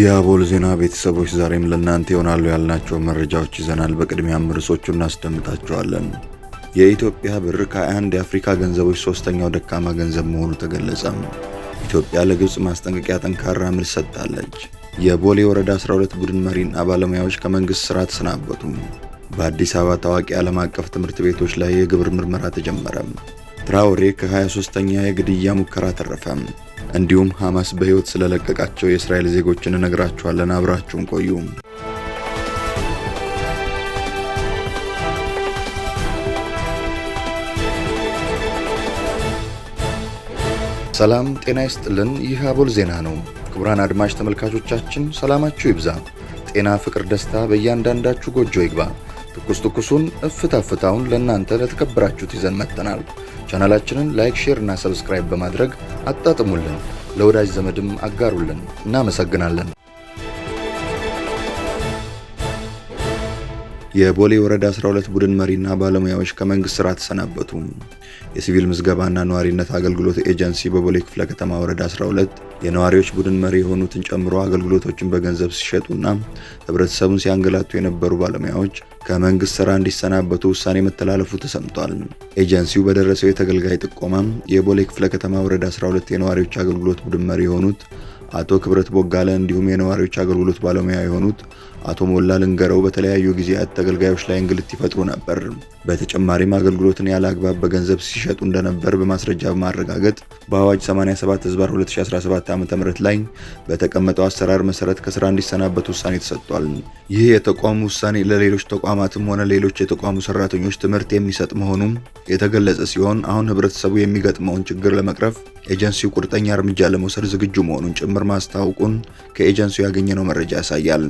የአቦል ዜና ቤተሰቦች ዛሬም ለእናንተ ይሆናሉ ያልናቸው መረጃዎች ይዘናል። በቅድሚያም ርዕሶቹ እናስደምጣቸዋለን። የኢትዮጵያ ብር ከ21 የአፍሪካ ገንዘቦች ሶስተኛው ደካማ ገንዘብ መሆኑ ተገለጸም። ኢትዮጵያ ለግብፅ ማስጠንቀቂያ ጠንካራ ምላሽ ሰጥታለች። የቦሌ ወረዳ 12 ቡድን መሪና ባለሙያዎች ከመንግሥት ሥራ ተሰናበቱ። በአዲስ አበባ ታዋቂ ዓለም አቀፍ ትምህርት ቤቶች ላይ የግብር ምርመራ ተጀመረም። ትራውሬ ከ23ኛ የግድያ ሙከራ ተረፈም። እንዲሁም ሐማስ በሕይወት ስለለቀቃቸው የእስራኤል ዜጎችን እነግራችኋለን። አብራችሁን ቆዩ። ሰላም ጤና ይስጥልን። ይህ አቦል ዜና ነው። ክቡራን አድማጭ ተመልካቾቻችን ሰላማችሁ ይብዛ፣ ጤና፣ ፍቅር፣ ደስታ በእያንዳንዳችሁ ጎጆ ይግባ። ትኩስ ትኩሱን እፍታ ፍታውን ለእናንተ ለተከበራችሁት ይዘን መጥተናል። ቻናላችንን ላይክ፣ ሼር እና ሰብስክራይብ በማድረግ አጣጥሙልን፣ ለወዳጅ ዘመድም አጋሩልን። እናመሰግናለን። የቦሌ ወረዳ 12 ቡድን መሪና ባለሙያዎች ከመንግስት ስራ ተሰናበቱ። የሲቪል ምዝገባና ነዋሪነት አገልግሎት ኤጀንሲ በቦሌ ክፍለ ከተማ ወረዳ 12 የነዋሪዎች ቡድን መሪ የሆኑትን ጨምሮ አገልግሎቶችን በገንዘብ ሲሸጡና ህብረተሰቡን ሲያንገላቱ የነበሩ ባለሙያዎች ከመንግስት ስራ እንዲሰናበቱ ውሳኔ መተላለፉ ተሰምቷል። ኤጀንሲው በደረሰው የተገልጋይ ጥቆማ የቦሌ ክፍለ ከተማ ወረዳ 12 የነዋሪዎች አገልግሎት ቡድን መሪ የሆኑት አቶ ክብረት ቦጋለ እንዲሁም የነዋሪዎች አገልግሎት ባለሙያ የሆኑት አቶ ሞላ ልንገረው በተለያዩ ጊዜያት ተገልጋዮች ላይ እንግልት ይፈጥሩ ነበር። በተጨማሪም አገልግሎትን ያለ አግባብ በገንዘብ ሲሸጡ እንደነበር በማስረጃ በማረጋገጥ በአዋጅ 87 ህዝባር 2017 ዓ ም ላይ በተቀመጠው አሰራር መሰረት ከስራ እንዲሰናበት ውሳኔ ተሰጥቷል። ይህ የተቋሙ ውሳኔ ለሌሎች ተቋማትም ሆነ ሌሎች የተቋሙ ሰራተኞች ትምህርት የሚሰጥ መሆኑም የተገለጸ ሲሆን አሁን ህብረተሰቡ የሚገጥመውን ችግር ለመቅረፍ ኤጀንሲው ቁርጠኛ እርምጃ ለመውሰድ ዝግጁ መሆኑን ጭምር ማስታወቁን ከኤጀንሲው ያገኘነው መረጃ ያሳያል።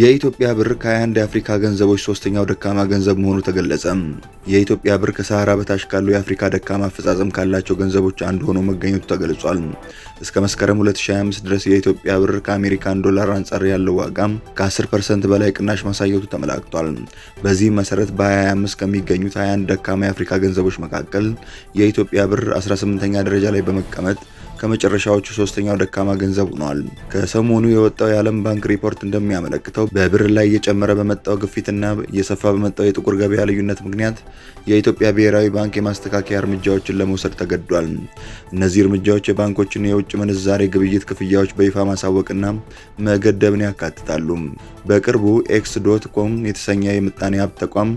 የኢትዮጵያ ብር ከ21 የአፍሪካ ገንዘቦች ሶስተኛው ደካማ ገንዘብ መሆኑ ተገለጸ። የኢትዮጵያ ብር ከሰሃራ በታች ካለው የአፍሪካ ደካማ አፈጻጸም ካላቸው ገንዘቦች አንዱ ሆኖ መገኘቱ ተገልጿል። እስከ መስከረም 2025 ድረስ የኢትዮጵያ ብር ከአሜሪካን ዶላር አንጻር ያለው ዋጋም ከ10 ፐርሰንት በላይ ቅናሽ ማሳየቱ ተመላክቷል። በዚህ መሰረት በ25 ከሚገኙት 21 ደካማ የአፍሪካ ገንዘቦች መካከል የኢትዮጵያ ብር 18ኛ ደረጃ ላይ በመቀመጥ ከመጨረሻዎቹ ሶስተኛው ደካማ ገንዘብ ሆኗል። ከሰሞኑ የወጣው የዓለም ባንክ ሪፖርት እንደሚያመለክተው በብር ላይ እየጨመረ በመጣው ግፊትና እየሰፋ በመጣው የጥቁር ገበያ ልዩነት ምክንያት የኢትዮጵያ ብሔራዊ ባንክ የማስተካከያ እርምጃዎችን ለመውሰድ ተገዷል። እነዚህ እርምጃዎች የባንኮችን የውጭ ምንዛሬ ግብይት ክፍያዎች በይፋ ማሳወቅና መገደብን ያካትታሉ። በቅርቡ ኤክስ ዶት ኮም የተሰኘ የምጣኔ ሀብት ተቋም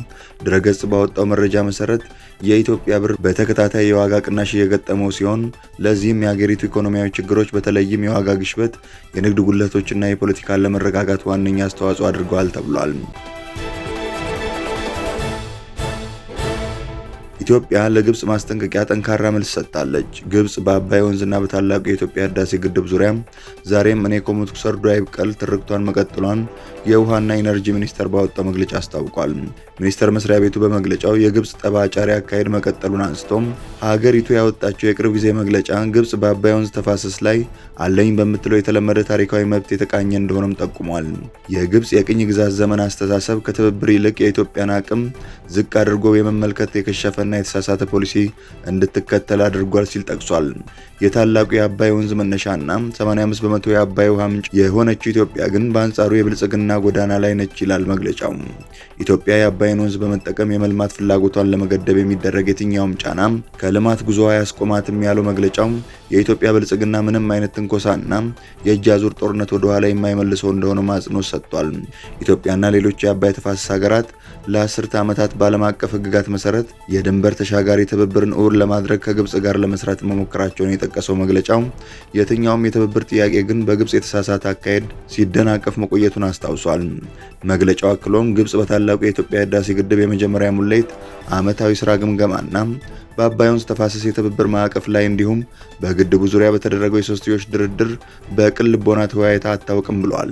ድረገጽ ባወጣው መረጃ መሰረት የኢትዮጵያ ብር በተከታታይ የዋጋ ቅናሽ እየገጠመው ሲሆን ለዚህም የአገር የሀገሪቱ ኢኮኖሚያዊ ችግሮች በተለይም የዋጋ ግሽበት፣ የንግድ ጉድለቶችና የፖለቲካ አለመረጋጋት ዋነኛ አስተዋጽኦ አድርገዋል ተብሏል። ኢትዮጵያ ለግብጽ ማስጠንቀቂያ ጠንካራ መልስ ሰጥታለች። ግብጽ በአባይ ወንዝና በታላቁ የኢትዮጵያ ህዳሴ ግድብ ዙሪያ ዛሬም እኔ ከሞትኩ ሰርዶ አይብቀል ትርክቷን መቀጠሏን የውሃና ኢነርጂ ሚኒስቴር ባወጣው መግለጫ አስታውቋል። ሚኒስቴር መስሪያ ቤቱ በመግለጫው የግብጽ ጠባጫሪ አካሄድ መቀጠሉን አንስቶም ሀገሪቱ ያወጣቸው የቅርብ ጊዜ መግለጫ ግብጽ በአባይ ወንዝ ተፋሰስ ላይ አለኝ በምትለው የተለመደ ታሪካዊ መብት የተቃኘ እንደሆነም ጠቁሟል። የግብጽ የቅኝ ግዛት ዘመን አስተሳሰብ ከትብብር ይልቅ የኢትዮጵያን አቅም ዝቅ አድርጎ የመመልከት የከሸፈን እና የተሳሳተ ፖሊሲ እንድትከተል አድርጓል ሲል ጠቅሷል። የታላቁ የአባይ ወንዝ መነሻና 85 በመቶ የአባይ ውሃ ምንጭ የሆነችው ኢትዮጵያ ግን በአንጻሩ የብልጽግና ጎዳና ላይ ነች ይላል መግለጫው። ኢትዮጵያ የአባይን ወንዝ በመጠቀም የመልማት ፍላጎቷን ለመገደብ የሚደረግ የትኛውም ጫና ከልማት ጉዞ አያስቆማትም ያለው መግለጫው የኢትዮጵያ ብልጽግና ምንም አይነት ትንኮሳና የእጅ አዙር ጦርነት ወደኋላ የማይመልሰው እንደሆነ ማጽኖት ሰጥቷል። ኢትዮጵያና ሌሎች የአባይ ተፋሰስ ሀገራት ለአስርተ ዓመታት በዓለም አቀፍ ህግጋት መሰረት የድንበር ተሻጋሪ ትብብርን እውን ለማድረግ ከግብፅ ጋር ለመስራት መሞከራቸውን የጠቀሰው መግለጫው የትኛውም የትብብር ጥያቄ ግን በግብፅ የተሳሳተ አካሄድ ሲደናቀፍ መቆየቱን አስታውሷል። መግለጫው አክሎም ግብፅ በታላቁ የኢትዮጵያ ህዳሴ ግድብ የመጀመሪያ ሙሌት ዓመታዊ ስራ ግምገማና በአባይ ወንዝ ተፋሰስ የትብብር ማዕቀፍ ላይ እንዲሁም በግድቡ ዙሪያ በተደረገው የሶስትዮሽ ድርድር በቅን ልቦና ተወያይታ አታውቅም ብለዋል።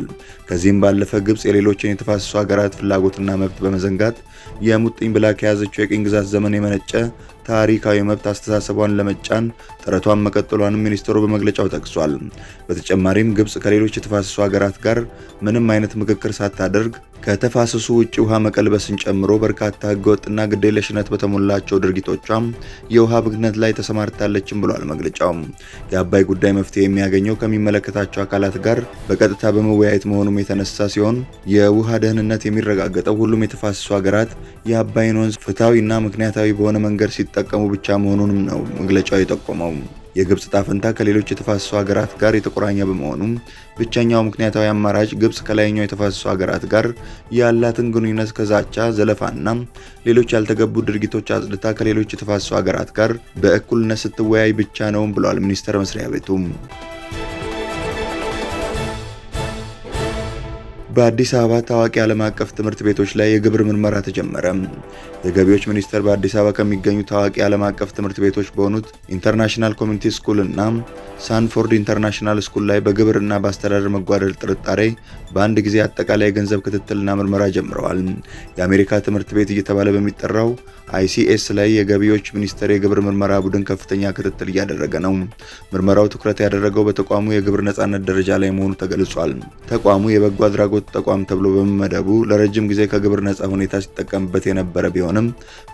ከዚህም ባለፈ ግብፅ የሌሎችን የተፋሰሱ ሀገራት ፍላጎትና መብት በመዘንጋት የሙጥኝ ብላ ከያዘችው የቅኝ ግዛት ዘመን የመነጨ ታሪካዊ መብት አስተሳሰቧን ለመጫን ጥረቷን መቀጠሏንም ሚኒስትሩ በመግለጫው ጠቅሷል። በተጨማሪም ግብጽ ከሌሎች የተፋሰሱ ሀገራት ጋር ምንም አይነት ምክክር ሳታደርግ ከተፋሰሱ ውጭ ውሃ መቀልበስን ጨምሮ በርካታ ህገወጥና ግዴለሽነት በተሞላቸው ድርጊቶቿም የውሃ ብክነት ላይ ተሰማርታለችም ብሏል መግለጫው። የአባይ ጉዳይ መፍትሄ የሚያገኘው ከሚመለከታቸው አካላት ጋር በቀጥታ በመወያየት መሆኑም የተነሳ ሲሆን የውሃ ደህንነት የሚረጋገጠው ሁሉም የተፋሰሱ ሀገራት የአባይን ወንዝ ፍትሐዊና ምክንያታዊ በሆነ መንገድ ሲጠ እንዲጠቀሙ ብቻ መሆኑንም ነው መግለጫው የጠቆመው። የግብፅ ዕጣ ፈንታ ከሌሎች የተፋሰሱ ሀገራት ጋር የተቆራኘ በመሆኑ ብቸኛው ምክንያታዊ አማራጭ ግብፅ ከላይኛው የተፋሰሱ ሀገራት ጋር ያላትን ግንኙነት ከዛቻ፣ ዘለፋና ሌሎች ያልተገቡ ድርጊቶች አጽድታ ከሌሎች የተፋሰሱ ሀገራት ጋር በእኩልነት ስትወያይ ብቻ ነው ብሏል ሚኒስቴር መስሪያ ቤቱ። በአዲስ አበባ ታዋቂ ዓለም አቀፍ ትምህርት ቤቶች ላይ የግብር ምርመራ ተጀመረ። የገቢዎች ሚኒስቴር በአዲስ አበባ ከሚገኙ ታዋቂ ዓለም አቀፍ ትምህርት ቤቶች በሆኑት ኢንተርናሽናል ኮሚኒቲ ስኩል እና ሳንፎርድ ኢንተርናሽናል ስኩል ላይ በግብርና በአስተዳደር መጓደል ጥርጣሬ በአንድ ጊዜ አጠቃላይ የገንዘብ ክትትልና ምርመራ ጀምረዋል። የአሜሪካ ትምህርት ቤት እየተባለ በሚጠራው አይሲኤስ ላይ የገቢዎች ሚኒስቴር የግብር ምርመራ ቡድን ከፍተኛ ክትትል እያደረገ ነው። ምርመራው ትኩረት ያደረገው በተቋሙ የግብር ነፃነት ደረጃ ላይ መሆኑ ተገልጿል። ተቋሙ የበጎ አድራጎት ፍላጎት ተቋም ተብሎ በመመደቡ ለረጅም ጊዜ ከግብር ነፃ ሁኔታ ሲጠቀምበት የነበረ ቢሆንም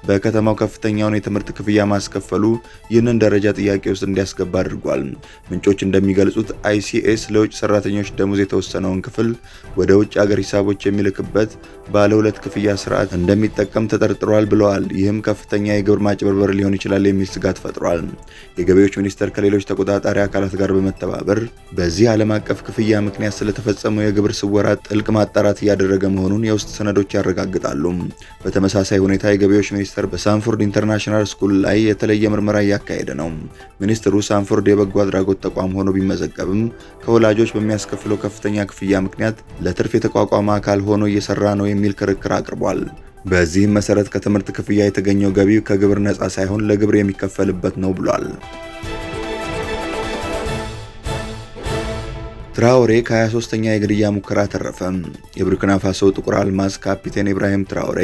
በከተማው ከፍተኛውን የትምህርት ክፍያ ማስከፈሉ ይህንን ደረጃ ጥያቄ ውስጥ እንዲያስገባ አድርጓል። ምንጮች እንደሚገልጹት አይሲኤስ ለውጭ ሰራተኞች ደሞዝ የተወሰነውን ክፍል ወደ ውጭ አገር ሂሳቦች የሚልክበት ባለ ሁለት ክፍያ ስርዓት እንደሚጠቀም ተጠርጥሯል ብለዋል። ይህም ከፍተኛ የግብር ማጭበርበር ሊሆን ይችላል የሚል ስጋት ፈጥሯል። የገቢዎች ሚኒስቴር ከሌሎች ተቆጣጣሪ አካላት ጋር በመተባበር በዚህ ዓለም አቀፍ ክፍያ ምክንያት ስለተፈጸመው የግብር ስወራ ጥልቅ ማጣራት እያደረገ መሆኑን የውስጥ ሰነዶች ያረጋግጣሉ። በተመሳሳይ ሁኔታ የገቢዎች ሚኒስቴር በሳንፎርድ ኢንተርናሽናል ስኩል ላይ የተለየ ምርመራ እያካሄደ ነው። ሚኒስትሩ ሳንፎርድ የበጎ አድራጎት ተቋም ሆኖ ቢመዘገብም ከወላጆች በሚያስከፍለው ከፍተኛ ክፍያ ምክንያት ለትርፍ የተቋቋመ አካል ሆኖ እየሰራ ነው የሚል ክርክር አቅርቧል። በዚህም መሰረት ከትምህርት ክፍያ የተገኘው ገቢ ከግብር ነፃ ሳይሆን ለግብር የሚከፈልበት ነው ብሏል። ትራውሬ ከ23ኛ የግድያ ሙከራ ተረፈ። የቡርኪና ፋሶ ጥቁር አልማዝ ካፒቴን ኢብራሂም ትራውሬ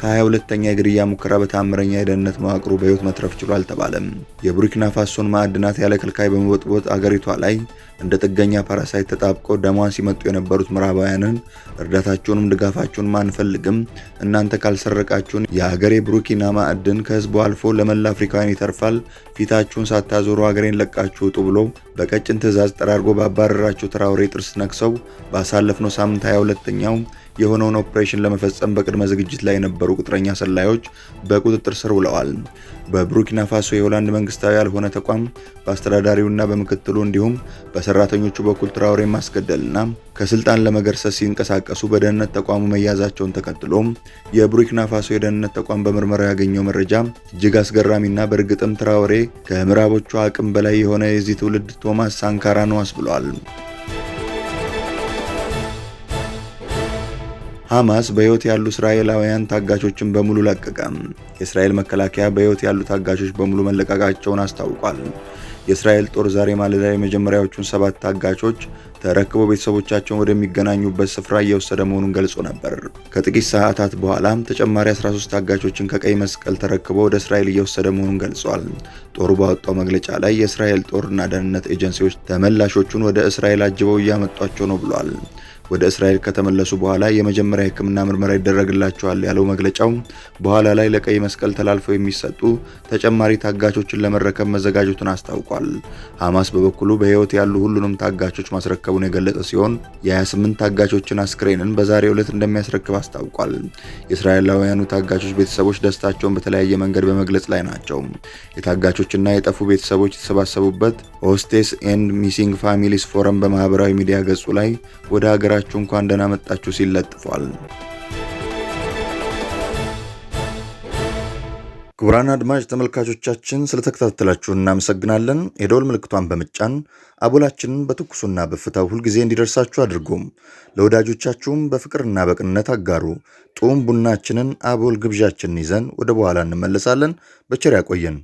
ከ22ኛ የግድያ ሙከራ በታምረኛ የደህንነት መዋቅሩ በሕይወት መትረፍ ችሏል ተባለም። የቡርኪና ፋሶን ማዕድናት ያለ ክልካይ በመቦጥቦጥ አገሪቷ ላይ እንደ ጥገኛ ፓራሳይት ተጣብቀው ደሟን ሲመጡ የነበሩት ምዕራባውያንን እርዳታቸውንም ድጋፋቸውን አንፈልግም፣ እናንተ ካልሰረቃችሁን የሀገሬ ብሩኪና ማዕድን ከህዝቡ አልፎ ለመላ አፍሪካውያን ይተርፋል፣ ፊታችሁን ሳታዞሩ ሀገሬን ለቃችሁ ውጡ ብሎ በቀጭን ትእዛዝ ጠራርጎ ባባረራቸው ተራውሬ ጥርስ ነክሰው ባሳለፍነው ሳምንት 22ኛው የሆነውን ኦፕሬሽን ለመፈጸም በቅድመ ዝግጅት ላይ የነበሩ ቅጥረኛ ሰላዮች በቁጥጥር ስር ውለዋል። በቡርኪና ፋሶ የሆላንድ መንግስታዊ ያልሆነ ተቋም በአስተዳዳሪውና በምክትሉ እንዲሁም በሰራተኞቹ በኩል ትራውሬ ማስገደልና ከስልጣን ለመገርሰስ ሲንቀሳቀሱ በደህንነት ተቋሙ መያዛቸውን ተከትሎ የቡርኪና ፋሶ የደህንነት ተቋም በምርመራ ያገኘው መረጃ እጅግ አስገራሚና በእርግጥም ትራውሬ ከምዕራቦቹ አቅም በላይ የሆነ የዚህ ትውልድ ቶማስ ሳንካራ ነዋስ ብሏል። ሐማስ በሕይወት ያሉ እስራኤላውያን ታጋቾችን በሙሉ ለቀቀ። የእስራኤል መከላከያ በሕይወት ያሉ ታጋቾች በሙሉ መለቀቃቸውን አስታውቋል። የእስራኤል ጦር ዛሬ ማለዳ የመጀመሪያዎቹን ሰባት ታጋቾች ተረክቦ ቤተሰቦቻቸውን ወደሚገናኙበት ስፍራ እየወሰደ መሆኑን ገልጾ ነበር። ከጥቂት ሰዓታት በኋላም ተጨማሪ 13 ታጋቾችን ከቀይ መስቀል ተረክቦ ወደ እስራኤል እየወሰደ መሆኑን ገልጿል። ጦሩ ባወጣው መግለጫ ላይ የእስራኤል ጦርና ደህንነት ኤጀንሲዎች ተመላሾቹን ወደ እስራኤል አጅበው እያመጧቸው ነው ብሏል። ወደ እስራኤል ከተመለሱ በኋላ የመጀመሪያ ህክምና ምርመራ ይደረግላቸዋል ያለው መግለጫው በኋላ ላይ ለቀይ መስቀል ተላልፈው የሚሰጡ ተጨማሪ ታጋቾችን ለመረከብ መዘጋጀቱን አስታውቋል። ሐማስ በበኩሉ በሕይወት ያሉ ሁሉንም ታጋቾች ማስረከቡን የገለጸ ሲሆን የ28 ታጋቾችን አስክሬንን በዛሬው ዕለት እንደሚያስረክብ አስታውቋል። የእስራኤላውያኑ ታጋቾች ቤተሰቦች ደስታቸውን በተለያየ መንገድ በመግለጽ ላይ ናቸው። የታጋቾችና የጠፉ ቤተሰቦች የተሰባሰቡበት ሆስቴስ ኤንድ ሚሲንግ ፋሚሊስ ፎረም በማህበራዊ ሚዲያ ገጹ ላይ ወደ ሀገራችሁ እንኳን ደህና መጣችሁ ሲል ለጥፏል። ክቡራን አድማጭ ተመልካቾቻችን ስለተከታተላችሁ እናመሰግናለን። የደወል ምልክቷን በመጫን አቦላችንን በትኩሱና በፍታው ሁልጊዜ እንዲደርሳችሁ አድርጎም ለወዳጆቻችሁም በፍቅርና በቅንነት አጋሩ። ጡም ቡናችንን አቦል ግብዣችንን ይዘን ወደ በኋላ እንመለሳለን። በቸር ያቆየን።